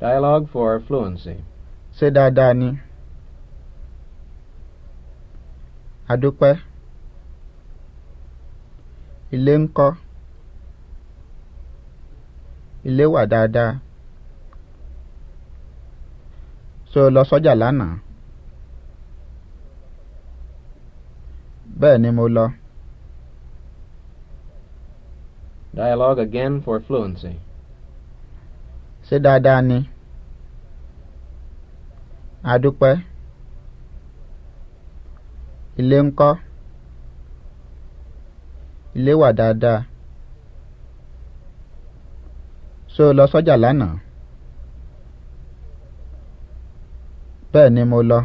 Dialogue for fluency. Ṣé dáadáa ni? Adúpẹ́. Ilé ń kọ́. Ilé wà dáadáa. Ṣé o lọ sọ́jà lánàá? Bẹ́ẹ̀ ni mo lọ. Dialogue again for fluency ṣé dáadáa ni àdúpẹ́ ilé ńkọ́ ilé wà dáadáa ṣé o lọ sọ́jà lánàá bẹ́ẹ̀ ni mo lọ.